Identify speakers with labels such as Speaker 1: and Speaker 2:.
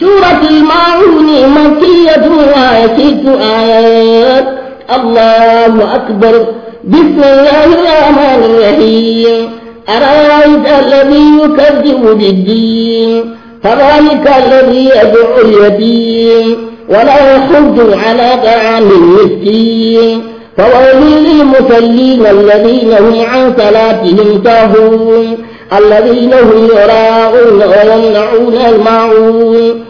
Speaker 1: سورة المعون مكية وهي ست آيات الله أكبر بسم الله الرحمن الرحيم أرأيت الذي يكذب بالدين فذلك الذي يدعو اليتيم ولا يحض على طعام المسكين فويل للمصلين الذين هم عن صلاتهم تهون الذين هم يراغون ويمنعون الماعون